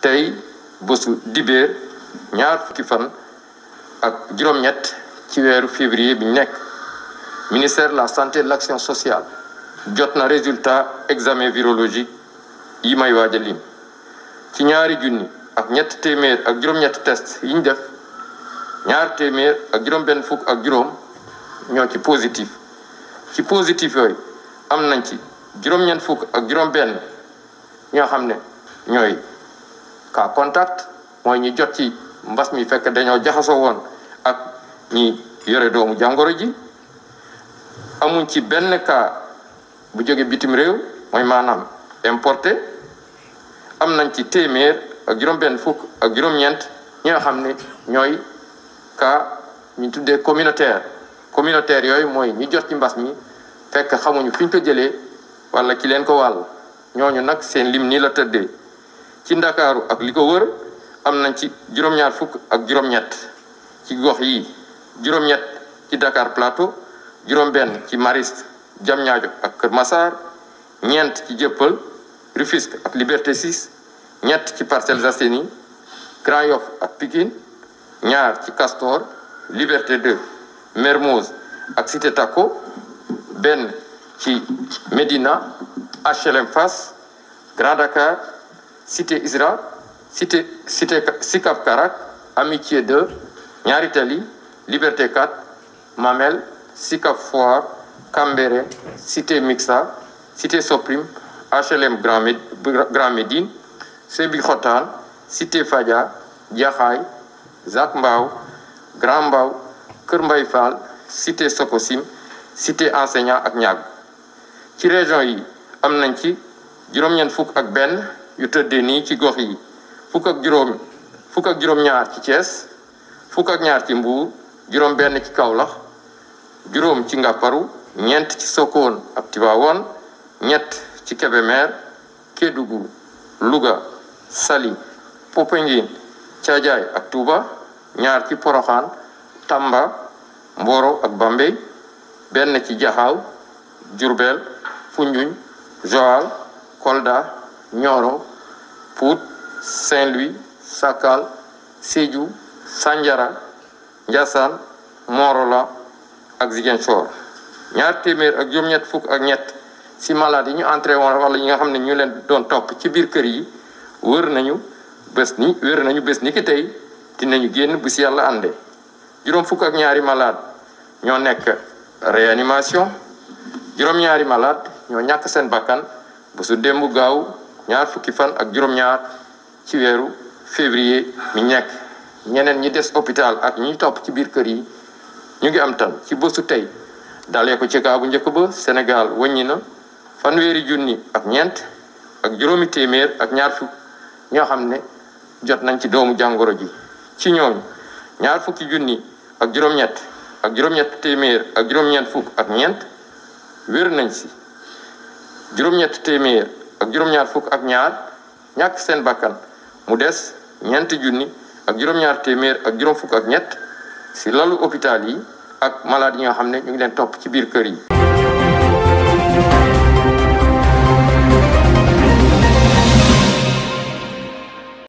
tey bésu dibéer ñaar fukki fan ak juróom-ñett ci weeru février bi nekk ministère la santé et de l'action sociale jot na résultat examen virologique yi may waaj lim ci ñaari junni ak ñett téeméer ak juróom-ñett test yi ñu def ñaar téeméer ak juróom-benn fukk ak juróom ñoo ci positif ci positif yooyu am nañ ci juróom-ñeent fukk ak juróom-benn ñoo xam ne ñooy kaa contact mooy ñu jot ci mbas mi fekk dañoo jaxasoo woon ak ñi yore doomu jàngoro ji amuñ ci benn kaa bu jóge bitim réew mooy maanaam importé am nañ ci téeméer ak juróom-benn fukk ak juróom-ñeent ñi nga xam ne ñooy cas ñu tuddee communautaire communautaire yooyu mooy ñu jot ci mbas mi fekk xamuñu fi ko jëlee wala ki leen ko wàll ñooñu nag seen lim nii la tëddee ci ndakaaru ak li ko wër am nañ ci juróom-ñaar fukk ak juróom-ñett ci gox yi juróom-ñett ci Dakar Plateau juróom-benn ci Mariste Diamniadio ak Kër Massar ñeent ci Jëppal Rufisque ak Liberté 6 ñett ci Parcelles Assainies Grand Yoff ak Pikine ñaar ci Castor Liberté 2 Mermoz ak Cité benn ci Médina HLM Grand Dakar cité ISRA cité cité Sicap Karak Amitié 2 Liberté 4 Mamel Sicap Foire Cambérène cité Mixa cité Soprim HLM Grand Grand Médine Sébikotane cité Fadia Jaxaay Zac Mbao Grand Mbao Kër Mbay Fall cité Sococim cité enseignant ak ñaag ci région yi am nañ ci juróom-ñeent fukk ak benn yu tëddee ni ci gox yi fukk ñaar ci Thiès ñaar ci Mbuur juróom benn ci Kaolack juróom ci Ngaparu ñeent ci Sokone ak Tivaouane ñett ci Kébémer Kédougou Louga sali Popenguine Thiadiaye ak Touba ñaar ci Porokhane Tamba Mboro ak Bambey benn ci Jaxaaw Diourbel Foundiougne Joal Kolda Nioro Pout Saint-Louis Sakal Sédhiou sànjara Ndiassane Morola ak Ziguinchor ñaar téeméer ak juróom-ñett fukk ak ñett ci malade yi ñu entré woon wala ñi nga xam ne ñu leen doon topp ci biir kër yi wër nañu bés ni wër nañu bés ni ki tey dinañu génn bu ci yàlla ànde juróom fukk ak ñaari malaat ñoo nekk réanimation juróom-ñaari malade ñoo ñàkk seen bakkan bésu démb gaaw ñaar fukki fan ak juróom-ñaar ci weeru février mi nekk ñeneen ñi des hôpital ak ñi topp ci biir kër yi ñu ngi am tan ci bésu tey dalee ko ci kaa njëkk ba Sénégal wàññi na fanweeri junni ak ñeent ak juróomi téeméer ak ñaar fukk ñoo xam ne jot nañ ci doomu jàngoro ji ci ñooñu ñaar fukki junni ak juróom-ñett ak juróom-ñett ak juróom-ñeent fukk ak ñeent wér nañ si juróom-ñett téeméer ak juróom fukk ak ñaar ñàkk seen bakkan mu des ñeenti junni ak juróom ak juróom fukk ak ñett ci lalu hôpital yi ak malade yi nga xam ne ñu ngi leen topp ci biir kër yi